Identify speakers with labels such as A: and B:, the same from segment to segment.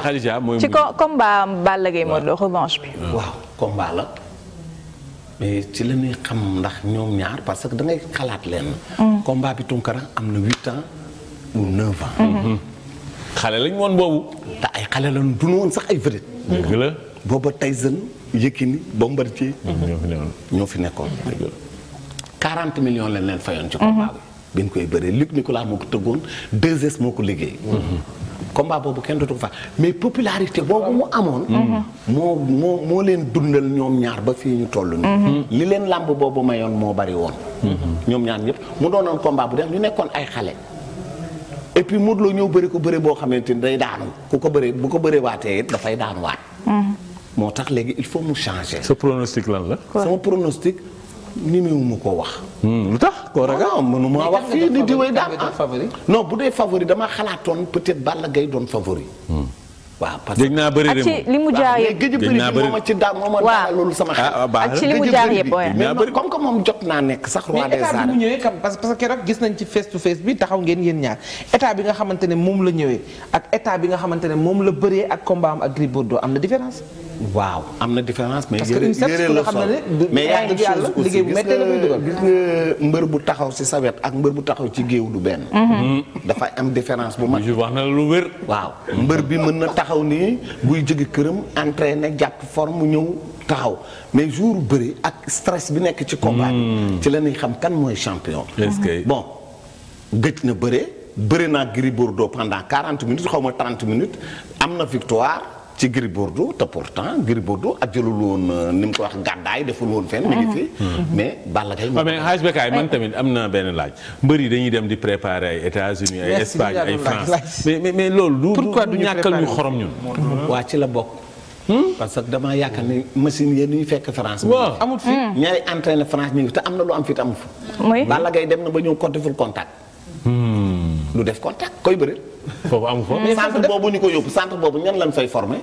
A: Khadija mooy ci combat Balla Gaye Modou Lo bi. Mm. waaw combat la mais ci la ñuy xam ndax ñoom ñaar parce que da xalaat leen. Mm. combat bi Tunkara am na huit ans ou neuf ans. Mm-hmm. Mm-hmm. xale lañ woon boobu. te ay xale lañ du woon sax ay vedette. booba Tyson Yékini Bombardier. Mm-hmm. ñoo fi nekkoon ñoo fi nekkoon. 40 millions lañ leen fayoon ci combat bi ñu koy bëree Luc Nicolas moo ko tëggoon 2S moo ko liggéey. combat boobu kenn dootu ko fa mais popularité boobu mu amoon. moo moo moo leen dundal ñoom ñaar ba fii ñu toll nii. li leen làmb boobu mayoon moo bari woon. ñoom ñaar ñëpp mu doonoon combat bu def ñu nekkoon ay xale. et puis Modou Lo ñëw bëri ko bëri boo xamante ni day daanu ku ko bëree bu ko bëree waatee it dafay daan waat. Mm-hmm. moo tax léegi il faut mu changer. sa pronostic lan la. sama ñemewuma koo wax. Hmm, lu tax koo ragal mënuma wax fii ni diwee daan no bu dee favori dama xalaatoon peut-être gay doon favori. Hmm. waaw parce que naa bëri de li mu jaar yëpp gëj naa bëri ci daal moom a loolu sama ah, xel ah, ci li mu jaar yëpp mais comme que moom jot naa nekk sax roi des arènes mu ñëwee kam parce que gis nañ ci face to face bi taxaw ngeen yéen ñaar état bi nga xamante ne moom la ñëwee ak état bi nga xamante ne moom la bëree ak combat am ak Gris Bordeaux am na différence waaw am na différence mais. yére la sol mais yaa ngi chose aussi gis nga gis nga mbër bu taxaw ci sa wet ak mbër bu taxaw ci géew du benn. Mhm. dafa am différence bu mag. wax na la lu wér. waaw mbër bi mën na taxaw nii buy jóge këram entraîné jàpp forme ñëw taxaw mais jour bëri ak stress bi nekk ci combat bi. Mhm. ci la ñuy xam kan mooy champion. est-ce que bon gëj na bëre bëri naa Gris Bordeaux pendant 40 minutes xaw ma 30 minutes am na victoire. ci Gris Bordeaux te pourtant Gris Bordeaux ak jëlul euh, ko wax gàddaay deful woon fenn. mi ngi fi mm-hmm. Mm-hmm. mais Balla Gaye. waaw ah, mais xaaj bekaay man tamit am na benn laaj mbër yi dañuy dem di préparer ay États-Unis ay Espagne ay France mais mais mais loolu. pourquoi du ñàkkal ñu xorom ñun. Mm-hmm. waa ci la bokk. Hmm? parce que damaa yaakaar ni machine yéen ñuy fekk France. waaw amul fi hmm. ñaari entraîné France ñu ngi te am na lu am fi te amul fa. Balla Gaye dem na ba ñëw compte ful contact. du def contact koy bëre. foofu amu fa. centre boobu ñu ko yóbbu centre boobu ñan lañ fay formé.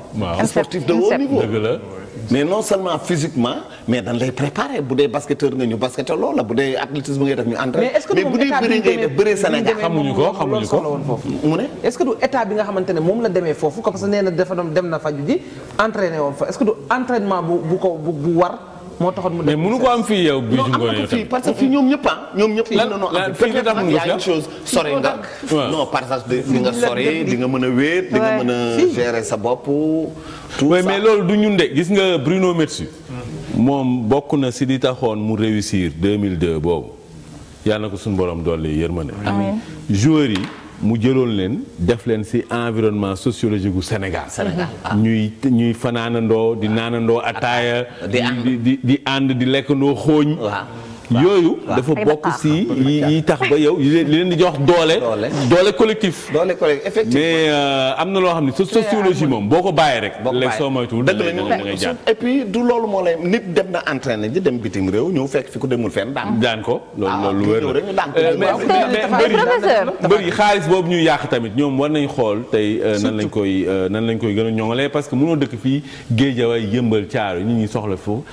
A: mais non seulement physiquement mais dañ préparer bu dee basketteur nga ñu basketeur loolu la bu dee athlétisme ngay def ñu entraîné. mais est du état bu war. moo taxoon mu. mais mënu ko am fii yow bii ci ngoon yow tamit parce que fii ñoom ñëpp ah. ñoom ñëpp lan lan fii nga tax yaa nga. non partage di nga sori di nga mën a wéet di nga mën a gérer sa bopp. tout ça mais loolu du ñun de gis nga Bruno Metsu. moom bokk na si di taxoon mu réussir deux 2002 boobu. yàlla na ko suñu borom dolli yërmande. amiin joueurs yi. mu jëloon leen def leen ci environnement sociologique gu Sénégal. Ah. ñuy ñuy fanaanandoo di naanandoo ataaya. di di ànd di lekkandoo xooñ. yooyu dafa bokk si yi tax ba yow li leen di jox doole. doole collectif. doole collectif effectivement mais euh, am na loo xam ne sa sociologie moom boo ko bàyyee rek. boo ko bàyyee léegi soo moytuwul dëgg la ngay jàpp loolu moo lay nit dem na entraîné dem bitim réew ñëw fekk fi ku demul fenn daan. daan ko loolu ah, loolu wér na euh, mais mbër yi xaalis boobu ñuy yàq tamit ñoom war nañ xool tey euh, nan lañ koy nan lañ koy gën a ñoŋalee parce que mënoo dëkk fii géejawaay yëmbal caaro nit ñi soxla foofu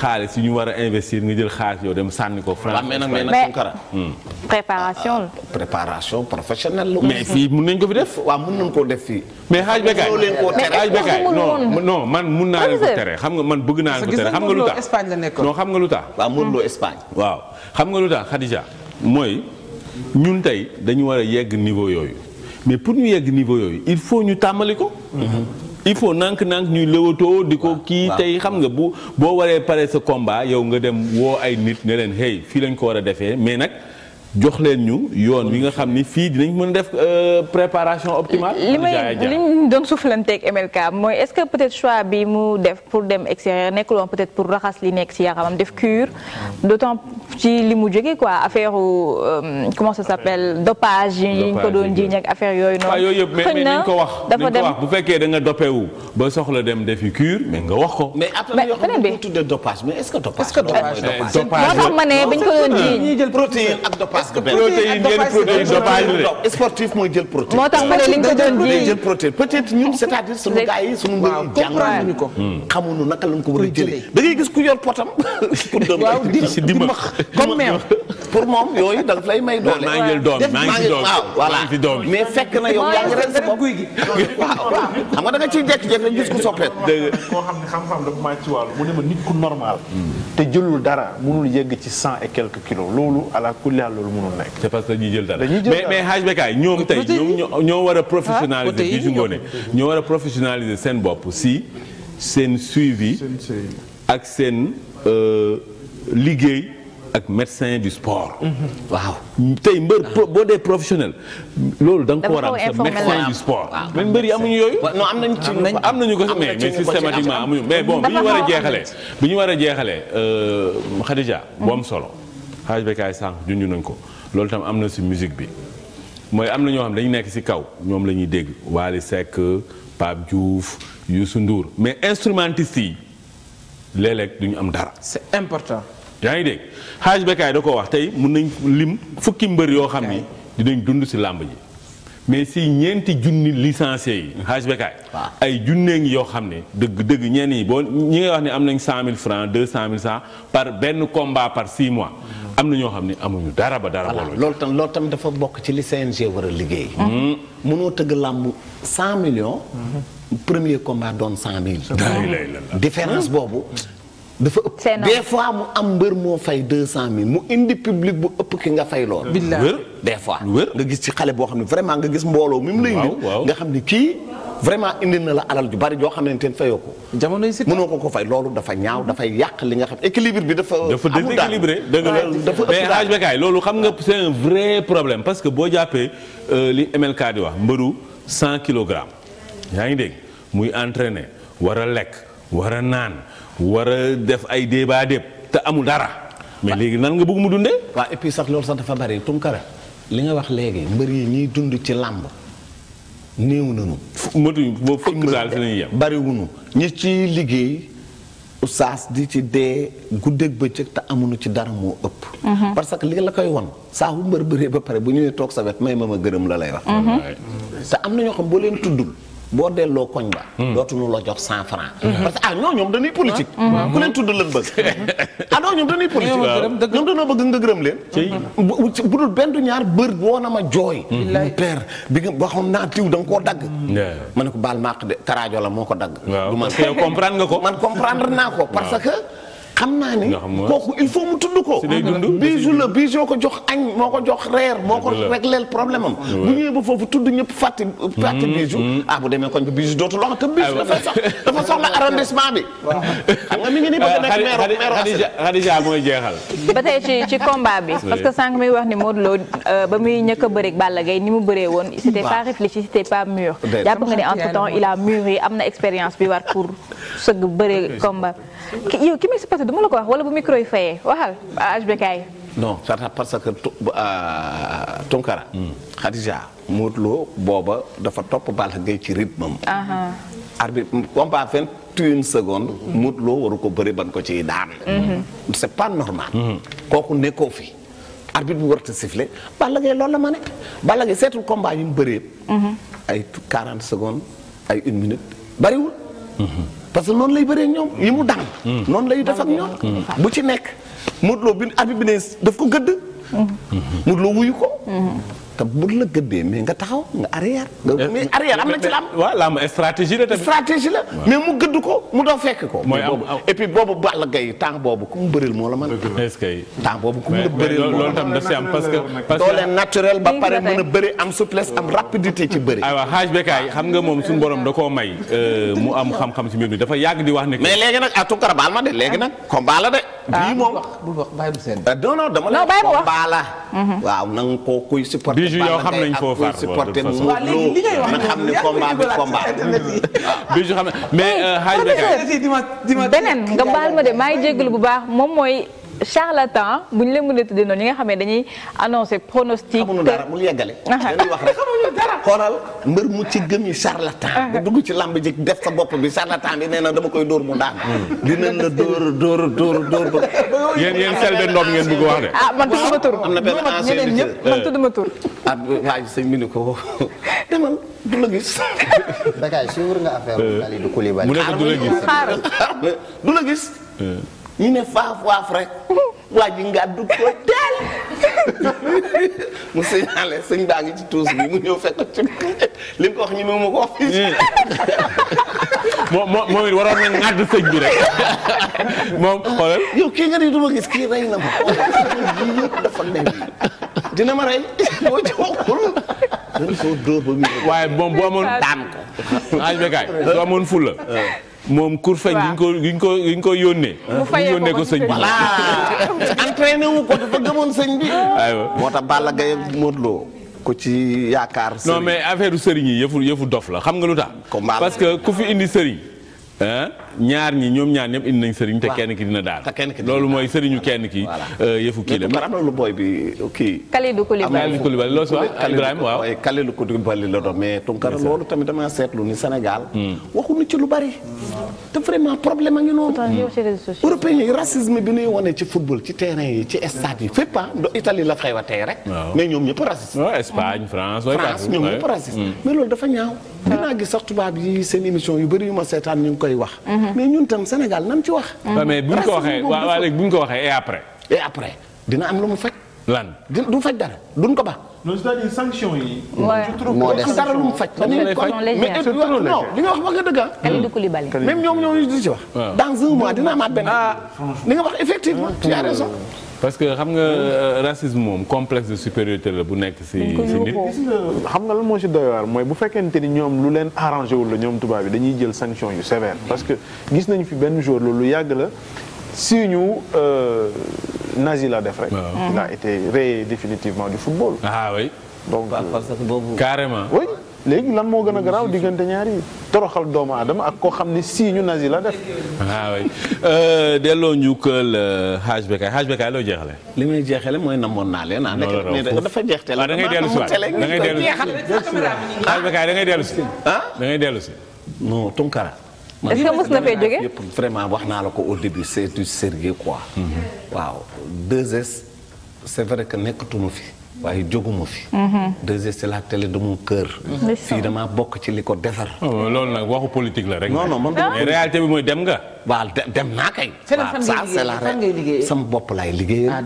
A: xaalis yu ñu war a investir nga jël xaalis yoo dem sànni ko France mais nag mais hmm. ah, fii mun nañ ko fi def. waaw mun nañ koo def fii. mais xaaj Bekaay xaaj Bekaay non non man mun naa leen ko tere xam nga man bëgg naa leen ko tere xam nga lu tax Espagne la nekkoon non xam nga lu tax. waaw nga lu tax Khadija mooy ñun tey dañu war a yegg niveau yooyu mais pour ñu yegg niveau yooyu il faut ñu tàmmali ko. Mhm. il faut nànk-nànk ñuy lëwatoo di ko kii tey xam nga bu boo waree pare sa comba yow nga dem woo ay nit ne leen hey fii lañ ko war a defee mais nag jox leen ñu yoon wi nga xam ni fii dinañ mën a def euh, préparation optimale. li may li ñu doon suufalanteeg MLK mooy est-ce que peut-être choix bi mu def pour dem extérieur nekkul woon peut-être pour raxas li nekk ci yaramam def cure d'autant ci li mu jógee quoi affaire euh, comment ça s'appelle yi ko doon jiiñ ak affaire yooyu noonu. waaw yooyu nañ ko wax dafa dem bu fekkee da nga dopewu ba soxla dem defi cure mais nga wax ko. mais après yoo xam ne dopage mais que dopage. est moo tax ma ne bañ ko doon jiiñ. parce que protéine yenn protéine dopage sportif mooy jël protéine. moo tax ma ne ko hmm. lañ ko war a da ngay gis ku yor potam. pour dem pour moom yooyu lay may doole. maa ngi maa ngi fi doom voilà mais fekk na yow yaa ngi ren koo xam ne xam-xam dafa maa ci wàllu mu ne ma nit ku normal. Hmm. te jëlul dara mënul yegg ci cent et quelques kilos loolu ala kulli loolu mënul parce que dañuy jël dara mais mais Hadj Bekkay ñoom tey ñoom ñoo war a professionnaliser bi ñu ngoone ñoo war a professionnaliser seen bopp si seen suivi ak seen euh, liggéey ak médecin du sport. Mhm. waaw tey mbër boo dee professionnel. loolu da nga ko war a am sa médecin du sport. même mbër yi amuñu yooyu. non am nañu ci am nañu ko mais mais systématiquement amuñu mais bon bi ñu war a jeexalee. bi ñu war a jeexalee Khadija bu mhm. solo. xaaj bekaay sànq junj nañ ko loolu tam am na si musique bi mooy am na ñoo xam ne dañu nekk si kaw ñoom la ñuy dégg Waly Seck Pape Diouf Youssou Ndour mais instrumentiste yi léeg duñu am dara. c'est important. yaa ngi dégg xaaj bekaay da ko wax tey mun nañ lim fukki mbër yoo xam ni dinañ dund si làmb ji mais si ñeenti junni licenciés yi xaaj bekaay ay junnee ngi yoo xam ne dëgg dëgg ñeen yi boo ñi ngay wax ne am nañ cent mille francs deux cent mille francs par benn combat par six mois. am na ñoo xam ne amuñu dara ba dara. booloo loolu tam loolu tam dafa bokk ci li CNG war a liggéey. mënoo hmm. tëgg làmb cent million hmm. premier combat doon cent mille. différence hmm. boobu. dafa ëpp des fois mu am mbër moo fay deux cent mille mu indi public bu ëpp ki nga fay lool. billaay des fois. nga gis ci xale boo xam ne vraiment nga gis mbooloo mi mu lay indi nga xam ne kii. vraiment indi na la alal ju bari joo xam ne teen fayoo ko. jamono yi si mënoo ko ko fay loolu dafa ñaaw dafay yàq li nga xam équilibre bi dafa. dem déséquilibré dëgg la dafa mais Hadj Becaye loolu xam nga c'est un vrai problème parce que boo jàppee euh, li MLK di wax mbëru 100 kilogrammes yaa ngi dégg muy entraîner war a lekk war a naan war a def ay débat déb te amul dara. mais léegi nan nga bëgg mu dundee. waa et puis sax loolu sax dafa bari Tunkara li nga wax léegi mbër yi ñuy dund ci làmb. néew nañu. motuñ boo fëkk daal fi lañuy yem bariwunu ñi ci liggéey oustaz di ci dee guddeeg bëccëg te amuñu ci dara moo ëpp. Mhm. parce que li la koy won saa bu mbër bëree ba pare bu ñëwee toog sa wet may ma ma gërëm la lay wax. te am na ñoo xam boo leen tuddul. boo delloo koñ ba. Hmm. dootuñu la jox cent franc. Hmm. parce que ah ñoo ñoom dañuy politique. Hmm. ku leen tudd leen bëgg. ah non ñoom dañuy politique ñoom dañoo bëgg nga gërëm leen. bu dul benn du ñaar bër woo na ma jooy. mon père bi nga waxoon naa tiw da koo dagg. ma ne ko baal maa de karaajo la moo ko dagg. du man comprendre nga ko man comprendre naa ko parce que. am naa ne kooku il faut mu tudd ko biisu la biisoo ko jox añ moo ko jox reer moo ko régleel problème am bu ñëwee ba foofu tudd ñëpp fàtte fàtte mm-hmm. biisu mm-hmm. ah bu demee koñ ko biisu dootu loxo te biisu dafay sox dafa soxla arrondissement bi xam nga mi ngi ni bëgg nekk meero meero Khadija mooy jeexal ba tey bi parce que sànq muy wax ni Modou Lo euh, ba muy ñëkk a bëreeg Balla Gaye ni mu bëree woon c'était pas réfléchi c'était pas mûr jàpp nga ni entre temps il a mûri am na expérience bi war pour sëgg bëree combat yow ki may supporté du ma ko wax wala bu micro yi waxal HBK yi. non ça parce que euh, Tunkara. Hmm. Khadija Modou Lo booba dafa topp Balla Gaye ci rythme am. arbitre hmm, comme pas vingt une seconde. Hmm. Modou Lo waru ko bëri ko ci daan. c' pas normal. kooku nekkoo fi. arbitre bi warta sifflé Balla Gaye loolu ma ne Balla Gaye seetul combat yi mu ay 40 secondes ay une minute bariwul. parce que noonu lay bëree ñoom yi mu daan hmm. noonu lay def ak ñoom hmm. Hmm. bu ci nekk Modou Lo bi arbitre bi ne daf ko gëdd Modou Lo wuyu ko te bu la gëddee mais nga taxaw nga arrière. Eh, mais arrière am na ci lamb. waaw lamb stratégie la tamit. stratégie la mais mu gëdd ko mu doo fekk ko. mooy am et puis boobu Balla Gaye temps boobu ku mu bëril moo am parce a bëri am souplesse am rapidité ci bëri. aywa xaaj Bekaay nga moom suñu borom da ko may euh, mu am xam-xam si mbir mi dafa yag di wax ne. mais léegi nag ah Tunkara baal ma de léegi nag combat la de. Ah, bii moom bul Mm-hmm. waaw na nga koo kuy supporter. bijou yow xam nañ foo far li ngay wax xam ne combat bi combat. bijou xam na mais. Euh, xaaj beneen nga baal ma de maa ngi jégalu bu baax moom mooy. charlatan bu ñu la mën a tuddee noonu ñi nga xam ne dañuy annoncé pronostic. xamuñu dara mu yeggale. Ah. dañuy wax rek xamuñu xoolal mbër mu ci gëm yu charlatan. bu ah. dugg ci lamb ji def sa bopp bi charlatan bi nee na dama koy dóor mu daan. Hmm. dinañ la dóor dóor dóor dóor ba. yéen yéen Selbé Ndom ngeen bëgg ah, tur am na benn ancien ñeneen ñëpp tur. Eh. ko demal du la gis. Dakar suivre nga affaire Kalidou eh. Koulibaly. mu ne ko du la gis xaaral du la gis. Eh. ñu ne faaf waaf rek waa ji ngàddu mu signalé sëñ baa ngi ci tuus bi mu ñëw fekk ci li mu ko wax ñu ne ma ko wax hmm. moom moom it waroon na ngàdd sëñ bi rek moom xoolal yow kii nga ne du ma gis kii rey na ma ji yëpp dafa ne dina ma rey boo ci waxul waaye moom bu amoon daan ko aaj bekaay soo amoon fulla ah. moom Kourfeñ gi ñu ko gi ko gi ñu ko yónnee. mu yónnee ko sëñ bi voilà entraîné wu ko dafa gëmoon sëñ bi. moo tax Balla Gaye Modou Lo ku ci yaakaar. sëriñ non mais affaire sëriñ yi yëfu yëfu dof la xam nga lu tax. parce que ku fi indi sëriñ. ñaar ñi ñoom ñaar ñëpp indi nañ sëriñ te kenn ki dina daal loolu mooy sëriñu kenn ki euh, yëfu kii la mais am na lu booy bi kii si wax Ibrahima waaw Kalidou Koulibaly la doon mais hmm. a racisme bi ñuy wane ci football ci terrain yi ci stade yi fépp ah do la xew a rek mais ñoom ñëpp raciste Espagne France France ñoom ñëpp raciste hmm. mais loolu dafa ñaaw dinaa gis sax tubaab yi seen émission yu bari yu seetaan ñu ngi koy koy wax. Mhm. mais ñun tam Sénégal nam ci wax. Mhm. mais buñ ko waxee waaw waaw ko waxee et après. et après dina am lu mu faj. lan du faj dara duñ ko ba. non c'est-à-dire sanction yi. moo des lu mu faj. non li nga wax wax nga dëgg ah. Kalidou Koulibaly. même ñoom ñoo ñu ci wax. dans un mois dina amaat benn. Ah. li nga wax effectivement tu as raison. parce que xam nga euh, racisme moom complexe de supériorité la bu nekk si si nit xam nga lan moo si doy mooy bu fekkente ni ñoom lu leen arrangé wul la ñoom tubaab yi dañuy jël sanction yu sévère parce que gis nañu fi benn jour loolu yàgg la si ñu euh, nazi la def rek il a été rayé définitivement du football ah donc euh, carrément léegi lan moo gën a garaaw diggante ñaar yi toroxal doomu aadama ak koo xam ne sii ñu nazi la def. waaw ah euh, delloo njukkal euh, Haaj Bekaay Haaj Bekaay loo jeexale li may jeexale mooy namoon naa leen ah. dafa jeex teel a da ngay dellu si da ngay dellu si Haaj Bekaay da ngay dellu si. ah da ngay dellu si. Ah? non Tunkara. est ce que mos na fee jóge vraiment wax naa la ko au début c' est du sérieux quoi. Mhm. waaw 2S c' est vrai que nekkatuma fi. waaye jóguma fi. 2S mhm. c'est la télé de mon cœur. fii damaa bokk ci li ko defar. Oh, loolu nag waxu politique la rek. non non man ah. mais réalité bi mooy dem nga. waaw dem naa kay. sama bopp laay liggéeyal.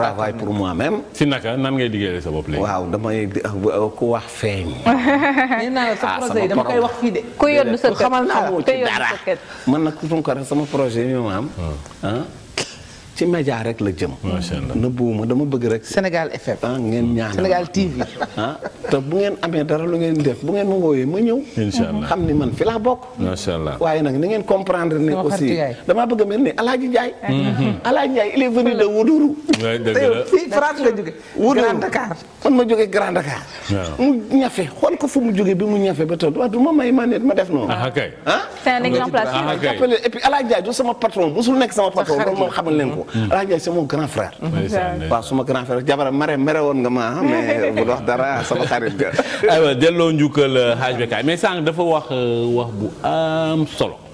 A: ah moi-même. si naka nan ngay sa bopp léegi. waaw damay ah, ah, ku wax feeñ. dama koy wax fii de. ku yoddu sa kër xamal naa la te yoddu sama projet yi ma hmm. ci média rek la jëm. macha allah nëbbuwuma dama bëgg rek. Sénégal FM ah ngeen ñaan Sénégal TV. ah bu ngeen amee dara lu ngeen def bu ngeen ma wooyee ma ñëw. xam ni man fi bokk. waaye nag ni ngeen comprendre ne aussi damaa bëgg a mel ni mhm. la te yow fii France nga jóge. Wuduru Grand Dakar man ma jóge Grand Dakar. mu ñafe xool ko fu mu jóge bi mu ñafe ba toog waaw du ma may ma ne ma def noonu. ah ah. c'est ah, du sama patron musul nekk sama patron loolu moom xamal leen ko. Alaaji Njaay c'est mon grand frère waaw suma grand frère jabaram mare mere woon nga ma mais bu wax dara sama xarit nga aywa delloo njukkal xaaj euh, bekaay mais sànq dafa wax euh, wax bu am solo